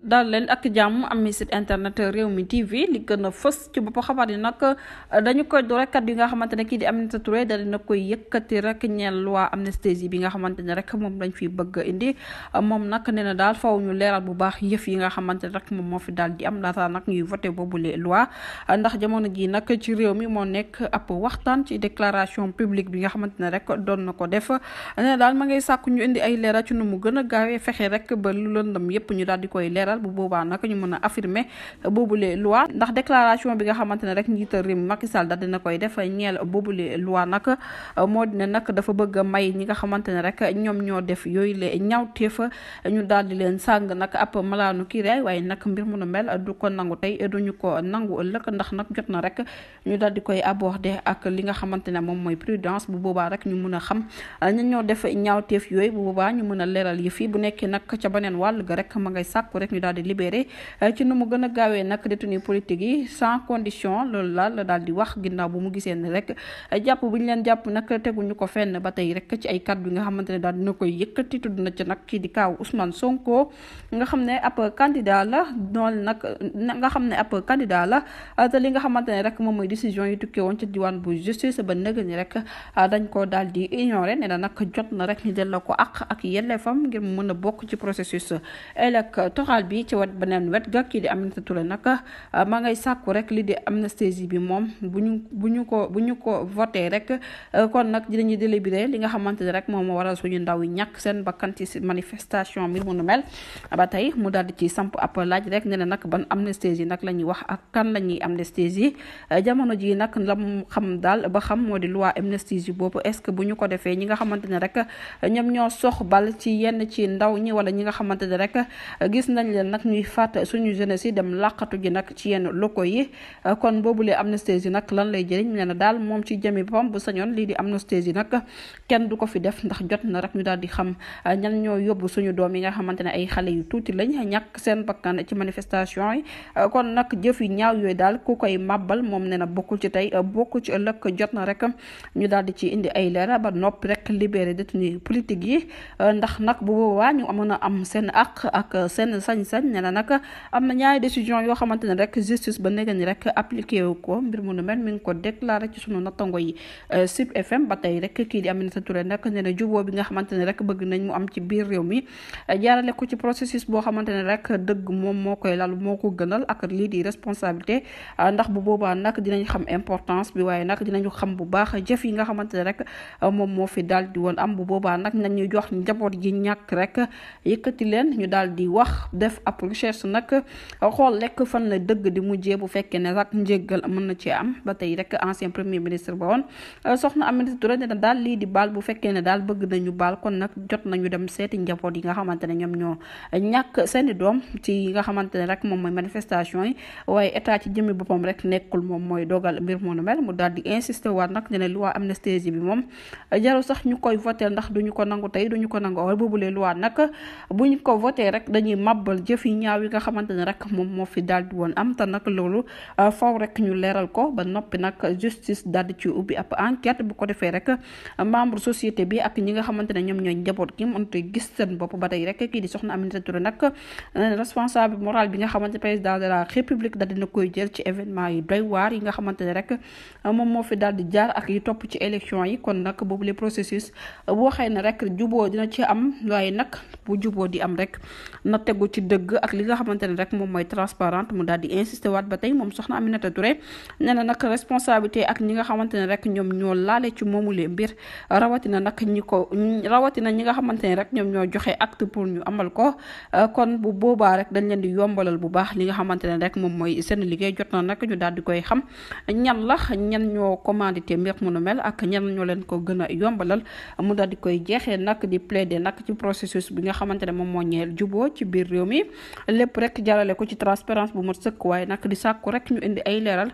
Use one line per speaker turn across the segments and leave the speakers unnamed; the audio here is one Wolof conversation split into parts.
daal leen ak jàmm am mi site internet réew mi TV li gën a fës ci bopp xabaar yi nag dañu koy door rek kàddu nga xamante ne kii di Aminata Touré daal dina koy yëkkati rek ñeel loi amnistie bi nga xamante ne rek moom lañ fi bëgg indi moom nag nee na daal faw ñu leeral bu baax yëf yi nga xamante ne rek moom moo fi daal di am laata nag ñuy voté lee loi ndax jamono ji nag ci réew mi moo nekk ab waxtaan ci déclaration publique bi nga xamante ne rek doon na ko def nee na daal ma ngay sàkku ñu indi ay leeral ci nu mu gën a gaawee fexe rek ba lu lëndëm yëpp ñu daal di koy leer leeral bu boobaa nag ñu mën a affirmer boobule bi nga xamante ne rek njiital réew mi Macky Sall daal dina koy def ñeel moo di ne nag dafa bëgg a may ñi nga xamante ne rek ñoom ñoo def yooyu le ñawteef ñu daal di leen sàng nag ab malaanu kiiraay waaye nag mbir mu nu mel du ko nangu tey duñu ko nangu ëllëg ndax nag jot na rek ñu daal di koy aborder ak li nga xamante ne moom mooy prudence bu boobaa rek ñu mun a xam ñan ñoo def ñaawteef yooyu bu boobaa ñu mën a leeral yi fii bu nekkee nag ca beneen ga rek ma ngay sàkku rek ñu daal di libéré eh, ci nu mu gën a gaawee nag détenu politique yi sans condition loolu la la daal di wax ginnaaw bu mu gisee ni rek eh, jàpp bu ñu leen jàpp nag teguñu ko fenn ba tey rek ci ay kàddu yi nga xamante ne daal dina koy yëkkati tudd na ci nag kii di kaaw Ousmane Sonko nga xam ne ab candidat la doon nag nga xam ne ab candidat la eh, li nga xamante ne rek moom mooy décision yi tukkee woon ci diwaan bu justice ba nëg ni rek dañ ko daal di ignoré ne na nag jot na rek ñu delloo ko ak ak yelleefam ngir mu mën a bokk ci processus électoral bi ci wet beneen wet ga kii di Aminata Touré nag ah, ma bi moom bu ñu ñu ko bu ñu ko voté rek ah, kon nag dinañu délibéré li nga xamante ne rek moom moo waral suñu ndaw yi ñàkk seen bakkan ci manifestation mbir mu nu mel ba tey mu daal di ci samp ab laaj rek ne nag ban amnistie yi nag la ñuy wax ak kan la ñuy amnistie yi ah, jamono ji nag lam xam daal ba xam moo di loi amnistie yi boobu est-ce que bu ñu ko defee ñi nga xamante ne rek ñoom ñoo sox bal ci yenn ci ndaw ñi wala ñi nga xamante ne rek gis nañ leen nag ñuy faat suñu jeunesse yi dem làqatu ji nag ci yenn loko yi euh, kon boobu boobule amnistie nag lan lay jëriñ nee na daal moom ci jëmi boppam bu sañoon lii di amnistie nag kenn du ko fi def ndax jot na rek ñu daal di xam euh, ñan ñoo yóbbu suñu doom yi nga xamante ne ay xale yu tuuti lañ ñàkk seen bakkan ci manifestation yi euh, kon nag jëf yu ñaaw yooyu daal ku koy màbbal moom nee na bokkul ci tey bokkul ci ëllëg jot na rek ñu daal di ci indi ay leera ba noppi rek libéré détenu politique yi ndax nag bu boobaa ñu amoon a am seen àq ak seen sañ Sène nee na am na ñaari décision yoo xamante ne rek justice ba nekk ni rek appliqué wu ko mbir mu nu mel mi ngi ko déclaré ci sunu nattango yi euh, Sud FM ba tey rek kii di Aminata Touré nag nee na juboo bi nga xamante ne rek bëgg nañ mu am ci biir réew mi euh, jaarale ko ci processus boo xamante ne rek dëgg moom moo koy lal moo ko gënal ak lii di responsabilité euh, ndax bu boobaa nag dinañ xam importance bi waaye nag dinañu xam bu baax jëf yi nga xamante ne rek moom moo fi daal di woon am bu boobaa nag nañu jox njaboot ji ñàkk rek yëkkati leen ñu daal di wax def def ab recherche xool rek fan la dëgg di mujjee bu fekkee ne rek njéggal mën na ci am ba tey rek ancien premier ministre ba woon euh, soxna Aminata Touré ne daal lii di baal bu fekkee ne daal bëgg na ñu baal kon nag jot nañu dem seeti njaboot yi nga xamante ne ñoom ñoo ñàkk seeni doom ci nga xamante ne rek moom mooy manifestation yi waaye état ci jëmmi boppam rek nekkul moom mooy dogal mbir moo nu mel mu daal di insister waat nag ne loi amnistie bi moom jarul sax ñu koy voté ndax du ñu ko nangu tey duñu ko nangu wala boobulee loi nag buñ ko voté rek dañuy màbbal jëf yi nga xamante ne rek moom moo fi daal woon am te nag loolu euh, faw rek ñu leeral ko ba noppi nag justice daal di ci ubbi ab enquête bu ko defee rek membre société bi ak ñi nga xamante ne ñoom ñooy njaboot gi mënut gis seen bopp ba tey rek kii di soxna Aminata Touré nag euh, responsable moral bi nga xamante président de la république daal dina koy jël ci événement yi doy waar yi nga xamante ne rek euh, moom moo fi daal di jaar ak yi topp ci élection yi kon nag boobu le processus boo waxee ne rek juboo dina ci am waaye nag bu juboo di am rek na tegu ci dëgg ak li nga xamante ne rek moom mooy transparente mu daal di insisté waat ba tey moom soxna Aminata Touré nee na nag responsabilité ak ñi nga xamante ne rek ñoom ñoo laale ci moomule mbir rawatina nag ñi ko rawatina ñi nga xamante ne rek ñoom ñoo joxe acte pour ñu amal ko kon bu boobaa rek dañ leen di yombalal bu baax li nga xamante ne rek moom mooy seen liggéey jot na nag ñu daal di koy xam ñan la ñan ñoo commandité mbir mu nu mel ak ñan ñoo leen ko gën a yombalal mu daal di koy jeexee nag di plaider nag ci processus bi nga xamante ne moom moo ñeel juboo ci biir réew mi bi lépp rek jarale ko ci transparence bu mat sëkk waaye nag di sàkku rek ñu indi ay leeral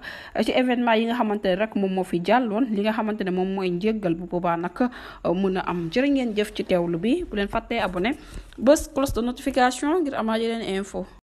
ci événement yi nga xamante ne rek moom moo fi jàlloon li nga xamante moom mooy njéggal bu boobaa nag uh, mun a am jërë ngeen jëf ci teew lu bi bu leen fàttee abonné bés cloche de notification ngir amaat yeneen info